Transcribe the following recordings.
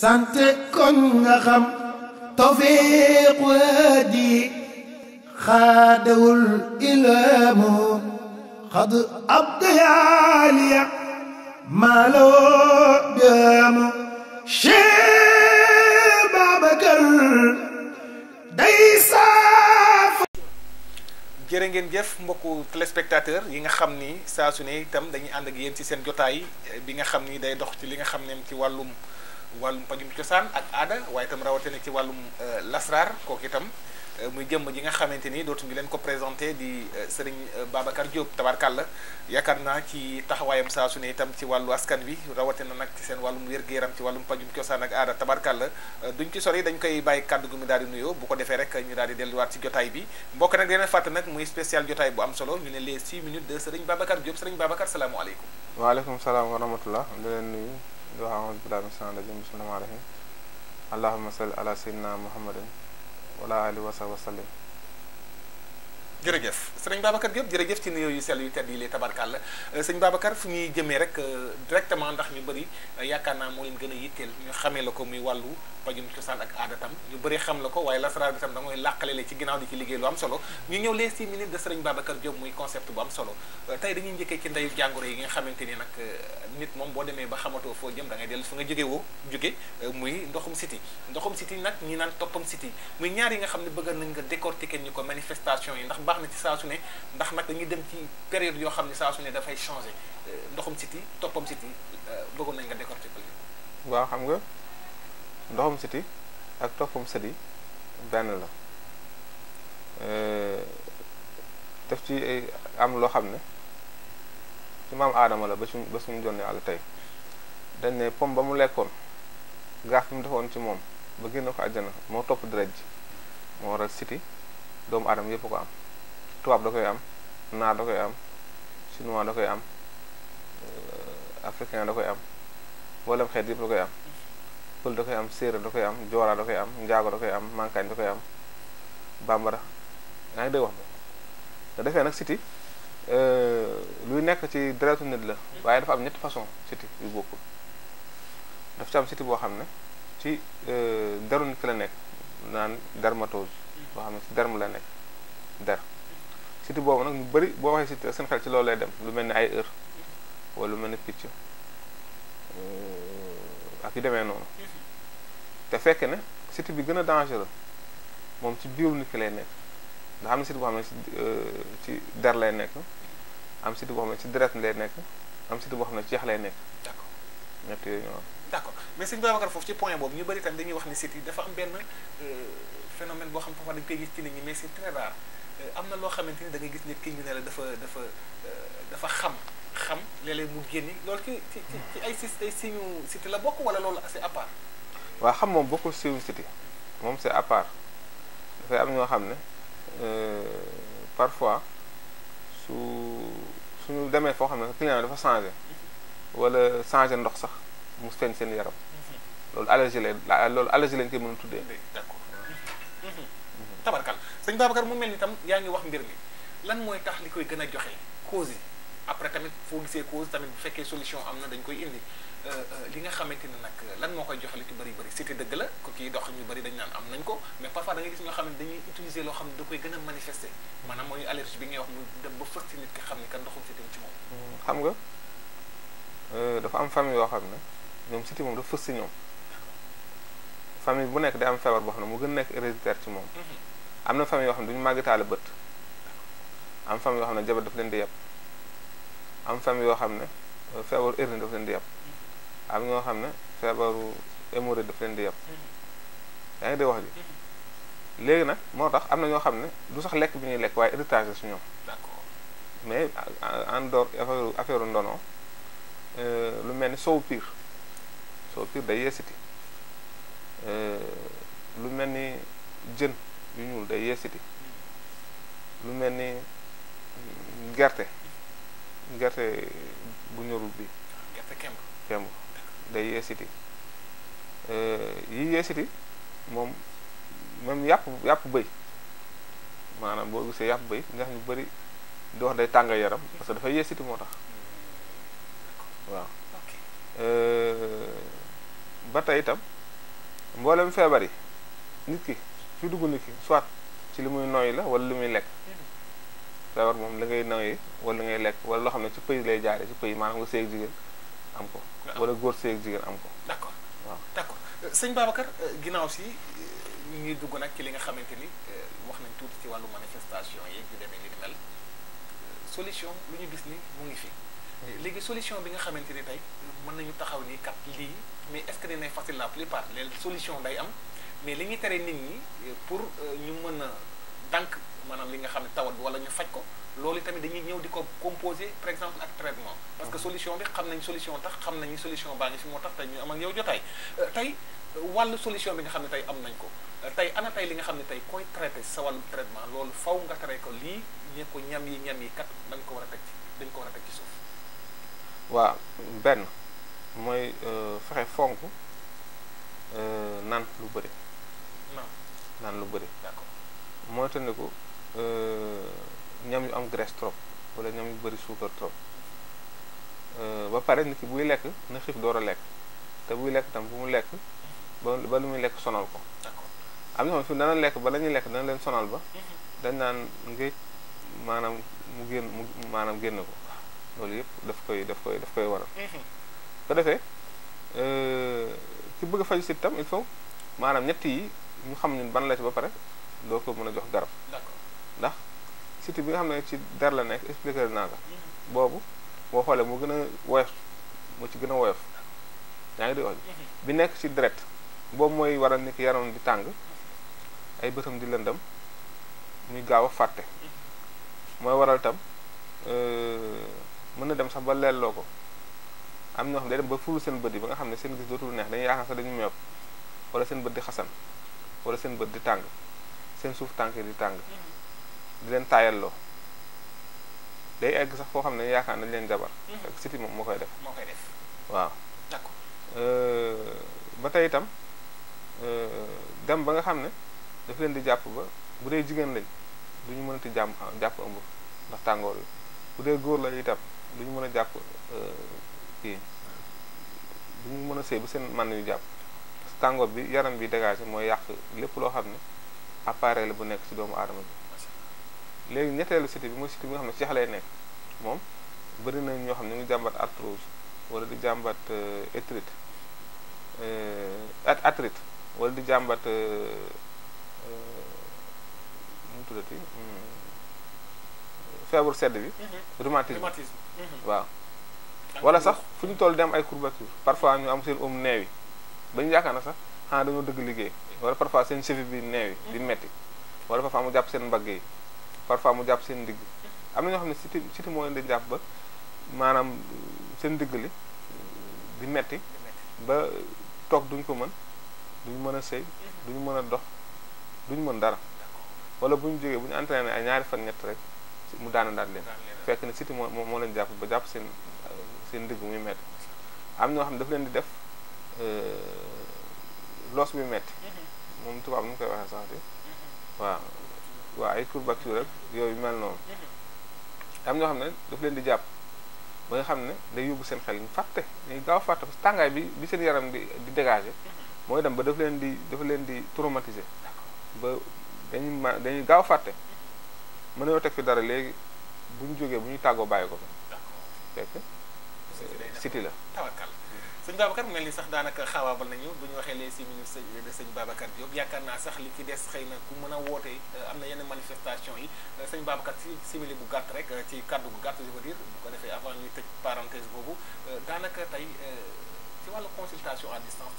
sant kon nga xam tawfiq wadi xaadawul ilamu xad abdiyaaliya maaloo jaamu Cheikh Babacar day saaf jërë ngeen jëf mbokku téléspectateur yi nga xam ni saa su ne itam dañuy ànd ak yéen ci seen jotaay bi nga xam ni day dox ci li nga xam ne ci wàllum wàllum pajum cosaan ak aada waaye itam rawatina ci wàllum euh, lasraar kook itam euh, muy jëmm ji nga xamante ni dootuñu leen ko présenté di euh, sëriñ Babacar Diop tabarkàlla yaakaar naa ci taxawaayam saa su ne itam ci wàllu askan wi rawatina nag seen wàllum wér-gu-yaram ci wàllum pajum cosaan ak aada duñ ci sori dañ koy bàyyi kàddu gu mu daal di nuyoo bu ko defee rek ñu daal di delluwaat ci jotaay bi mbokk nag dina fàtte nag muy spécial jotaay bu am solo ñu ne les 6 minutes de sëriñ Babacar Diop sëriñ Babacar salaamualeykum. waaleykum salaam wa rahmatullah leen nuyu. di wax aouzu billahi mina shaytaani rajim bismillahi rahmaani rahim allahumma salli ala sayyidina muhammadin wala ali wa sahbihi wa sallim jërëjëf sëñ Babacar Diop jërëjëf ci nuyoo yu sell yu tedd yi lay tabarkàlla sëñ Babacar fu ñuy jëmee rek directement ndax ñu bëri yaakaar naa moo leen gën a yitteel ñu xamee la ko muy wàllu pajum cosaan ak aada tam ñu bëri xam la ko waaye lasaraar bi tam da làqale la ci ginnaaw di ci liggéey lu am solo ñu ñëw les six minutes de Serigne Babacar Diop muy concept bu am solo euh, tey dañuy njëkkee ci ndeyu jàngoro yi nga euh, moom boo demee ba xamatoo foo jëm da ngay dellu fa nga jóge woo jóge euh, ndoxum siti ndoxum siti nag ñi naan toppam siti ñaar yi nga xam ne bëgg nañ nga décortiquer ñu ko manifestation yi ndax baax na ci saa su ne ndax nag dañuy dem ci période yoo xam ne saa su ne dafay changer ndoxum siti toppam siti bëggoon nañ nga décortiquer waaw xam nga ndoxum siti ak toppum sët benn la def ci am loo xam ne ci maam aadama la ba suñ ba suñu jonne àll tey dañ ne pom ba mu lekkoon gaaf bi mu defoon ci moom ba génn ko àjjana moo topp deret moo waral siti doomu aadama yëpp ko am tubaab da koy am naar da koy am chinois da koy am africain da koy am mboolem xeet yëpp da koy am pël da koy am séeré da koy am joolaa da koy am njaago da koy am mankañ da koy am bambara yaa ngi dégg wax te defee nag city luy nekk ci deretu nit la waaye dafa am ñetti façon city yu bokkul daf ci am city boo xam ne ci deru nit ki la nekk naan dermatose boo xam ne ci derm la nekk der city boobu nag ñu bëri boo waxee city seen xel ci loolu lay dem lu mel ni ay heure wala lu mel ni picc ak démé non te fekk ne site bi gëna dangereux mom ci biir nit ki lay nekk ndax am site bo xamné ci ci der lay nekk am site bo xamné ci direct lay nekk am site bo xamné ci xalé lay nekk d'accord ñett yoy ñoo d'accord mais sëñ Babacar fofu ci point bobu ñu bari tam dañuy wax ni site yi dafa am benn phénomène bo xam fofu dañ koy gis ci nit ñi mais c'est très rare amna lo xamanteni da nga gis nit ki ñu ne la dafa dafa dafa xam xam léeg-léeg mu génni loolu ci ci ci ay si ay signe cité la bokk wala loolu c'est à part waaw xam moom bokkul signe cité moom c'est à part dafay am ñoo xam ne parfois su suñu demee foo xam ne client dafa changé wala changé ndox sax mu feeñ seen yaram loolu allergie lay loolu allergie lañ koy mën a tuddee d'accord tabarkal sëñ Babacar mu mel ni tam yaa ngi wax mbir mi lan mooy tax li koy gën a joxe cause yi après tamit fo gisee cause tamit bu fekkee solution am na dañ koy indi li nga xamante ni nag lan moo koy joxe lu ci bari bëri cité dëgg la ko kii dox ñu bari dañ naan am nañ ko mais parfois da ngay gis ñoo xam ne dañuy utiliser loo xam ne da koy gën a manifester maanaam mooy allergie bi ngay wax mu dem ba fës nit ki xam ni kan ndoxum cité ci moom. xam nga dafa am famille yoo xam ne ñoom cité moom dafa fës si ñoom famille bu nekk day am feebar boo xam ne mu gën nekk héréditaire ci moom. am na famille yoo xam ne duñu màggataale bët am famille yoo xam ne jabar dafa leen di yàpp am famille yoo xam ne euh, feebaru hernie daf leen di yàpp mm-hmm. am ñoo xam ne feebaru hémorroïde daf leen di yàpp mm-hmm. yaa ngi dee wax ji mm-hmm. léegi nag moo tax am na ñoo xam ne du sax lekk bi ñuy lekk waaye héritage la su ñoom mais en dehors affaire affaire ndono euh, lu mel ni soow piir soow piir day yeesiti euh, lu mel ni jën yu ñuul day yeesiti lu mel ni gerte gerte bu ñorul bi gerte kemb kemb day yeesiti eh, yi yeesiti moom même yàpp yàpp bëy maanaam boo gisee yàpp bëy nga xam ñu bëri di wax day tànga yaram parce que dafay yeesiti moo tax hmm, waaw eh, ba tey itam mboolem feebar yi nit ki fi dugg nit ki soit ci li muy noyyi la wala li muy lekk feebar moom la ngay nawee wala la ngay wala loo xam ne ci pëy lay jaaree ci pëy maanaam nga seeg jigéen am ko wala góor seeg jigéen am ko d'accord waaw d'accord euh, sëñ Babacar euh, ginnaaw si euh, ñu ngi dugg nag ci li nga xamante ni wax nañ tuuti ci wàllu manifestation yi yu demee li solution lu ñu gis ni mu ngi fi hmm. léegi solution bi nga xamante ni tey mën nañu taxaw nii kat lii mais est-ce que dinay facile la plupart les solution day am mais li ngi tere nit ñi pour ñu mën a dànk maanaam li nga xam ne tawat bi wala ñu faj ko loolu tamit dañuy ñëw di ko composé par exemple ak traitement parce que mhm. solution bi xam nañ solution tax xam nañu solution baa ngi si moo tax tey ñu am ak yow jotaay euh, tey euh, solution bi nga xam ne tey am nañ ko euh, tey ana tey li nga xam ne tey koy traité sa wàllu loolu faw nga tere ko lii ñe ñam yi ñam yi kat dañ ko war a teg ci a teg ci suuf waaw benn mooy fexe fonk naan lu bëri naan lu bëri d'accord moytandiku Euh, ñam yu am graisse trop wala ñam yu bari suukar trop euh, ba pare nit ki buy lekk na xiif door a lekk te buy lekk tam bu mu lekk ba ba lu muy lekk sonal ko am na xam fi dana lekk ba la ñuy lekk dana leen sonal ba mhm. dañ naan ngéej maanaam mu génn mu maanaam génn ko loolu yëpp daf koy daf koy daf koy waral mhm. ko defee euh, ki bëgg a faju si tam il faut maanaam ñett yi ñu xam ñun ban la ci ba pare doo ko mën a jox garab siti bi nga xam ne ci der la nekk expliqué naa ko boobu boo xoolee moo gën a woyof moo ci gën a woyof yaa ngi di wax mhm. bi nekk ci direct boobu mooy waral nit ki yaram di tàng ay bëtam di lëndam muy gaaw a fàtte mhm. mooy waral tam euh, mën na dem sax ba leel loo ko am ñoo xam day dem ba fulu seen bët yi ba nga xam ne seen gis dootul neex dañuy yaakaar sax dañu meew wala seen bët di xasan wala seen bët di tàng seen suuf tànk di tàng mhm. di leen taayalloo day egg sax foo xam ne yaakaar nañ leen jabar ak hmm. siti moom moo koy def moo koy def waaw euh, ba tey itam euh, dem ba nga xam ne daf leen di jàpp ba bu dee jigéen lañ du ñu mënati jàmm ah, jàpp ëmb ndax tàngoor yi bu dee góor la itam du ñu mën a jàpp euh, kii du ñu mën a sëy ba seen mën yu jàpp parce tàngoor bi yaram bi dégagé mooy yàq lépp loo xam ne appareil la bu nekk ci doomu aadama bi léegi ñetteelu cité bi mooy cité bi nga xam ne seex lay nekk moom bëri na ñoo xam ne ñu ngi jàmbat arthrose wala di jàmbat euh, étrite euh, arthrite wala di jàmbat euh, mu tuddati hmm, sedd bi. Mm-hmm. rhumatisme mm-hmm. waaw. wala sax fu ñu toll dem ay courbature parfois ñu am seen om neewi ba ñu yaakaar na sax xanaa dañoo dëgg liggéey wala parfois seen cheville bi neewi di mm-hmm. metti wala parfois mu jàpp seen mbagg yi. parfois mu jàpp seen ndigg am na ñoo xam ne siti siti moo leen di jàpp ba maanaam seen ndigg li di metti ba toog duñ ko mën duñ mën a sëy duñ mën a dox duñ mën dara wala bu ñu jógee bu ñu entraîné ay ñaari fan ñett rek mu daana daat leen fekk ne siti moo moo leen jàpp ba jàpp seen seen ndigg muy metti am ñoo xam ne dafa leen di def euh, loos bi metti mm-hmm. moom tubaab nu mu koy waxee sax di waaw waa ay courbature ak yooyu mel noonu mm-hmm. am ñoo xam ne daf leen di jàpp ba nga xam ne day yóbbu seen xel ñu fàtte ñu gaaw fàtte parce que tàngaay bi bi seen yaram di di dégager mm-hmm. mooy dem ba daf leen di dafa leen di traumatiser ba dañuy ma dañuy gaaw fàtte mm-hmm. mën nañoo teg fi dara léegi bu ñu jógee bu ñuy tàggoo bàyyi ko fekk cité euh, la sëñ Babacar mel ni sax daanaka xaawaabal nañu bu ñu waxee les six minutes de sëñ Babacar Diop yaakaar naa sax li ci des xëy na ku mën a wootee euh, am na yenn manifestation yi euh, sëñ Babacar ci simili bu gàtt rek euh, ci kàddu bu gàtt je veux dire bu ko defee avant ñuy tëj parenthèse boobu daanaka tey ci wàllu consultation à distance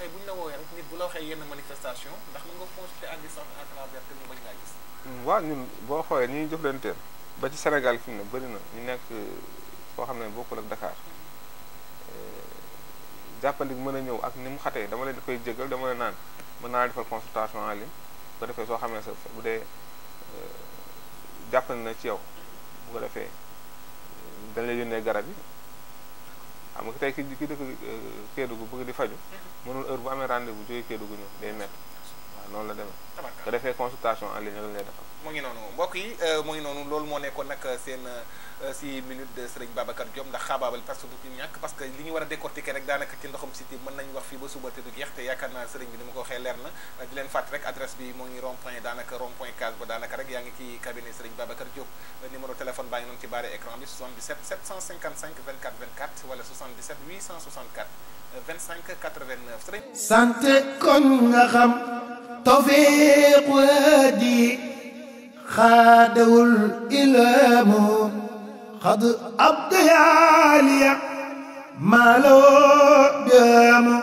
tey bu ñu la woowee rek nit bu la waxee yenn manifestation ndax mën nga consulter à distance à travers te mu bañ laa gis. Mm, waaw ñun boo xoolee ni ñu jëflanteel ba ci Sénégal fi mu bëri na ñu nekk foo xam ne bokkul Dakar. jàppandi mën a ñëw ak ni mu xatee dama leen koy jégal dama leen naan mën naa defal consultation en ligne bu ko defee soo xamee sa bu dee euh, jàppandi na ci yow bu ko defee euh, dañ lay garab yi xam nga tey ki ki dëkk euh, Kédougou bëgg di faju mm-hmm. mënul heure bu amee rendez-vous jógee Kédougou ñëw day métti non la demee. tabarka defee consultation en ligne lañ lay defal. mu ngi noonu mbokk yi euh, mu ngi noonu loolu moo nekkoon nag euh, seen euh, si minute de Serigne Babacar Diop ndax xaabaabal parce que du ñàkk parce que li ñu war a décortiquer rek daanaka ci ndoxum cité mën nañu wax fii ba suba te du jeex te yaakaar naa Serigne bi ni ma ko waxee leer na di leen fàtt rek adresse bi moo ngi rond point daanaka rond point case ba daanaka rek yaa ngi ci cabinet Serigne Babacar Diop numéro téléphone baa ngi noonu ci barre écran bi 77 755 24 24 wala 77 864 25 89 sant kon nga xam tawfiq wadi xaadawul ilamu xad abdiyaliya maaloo jaamu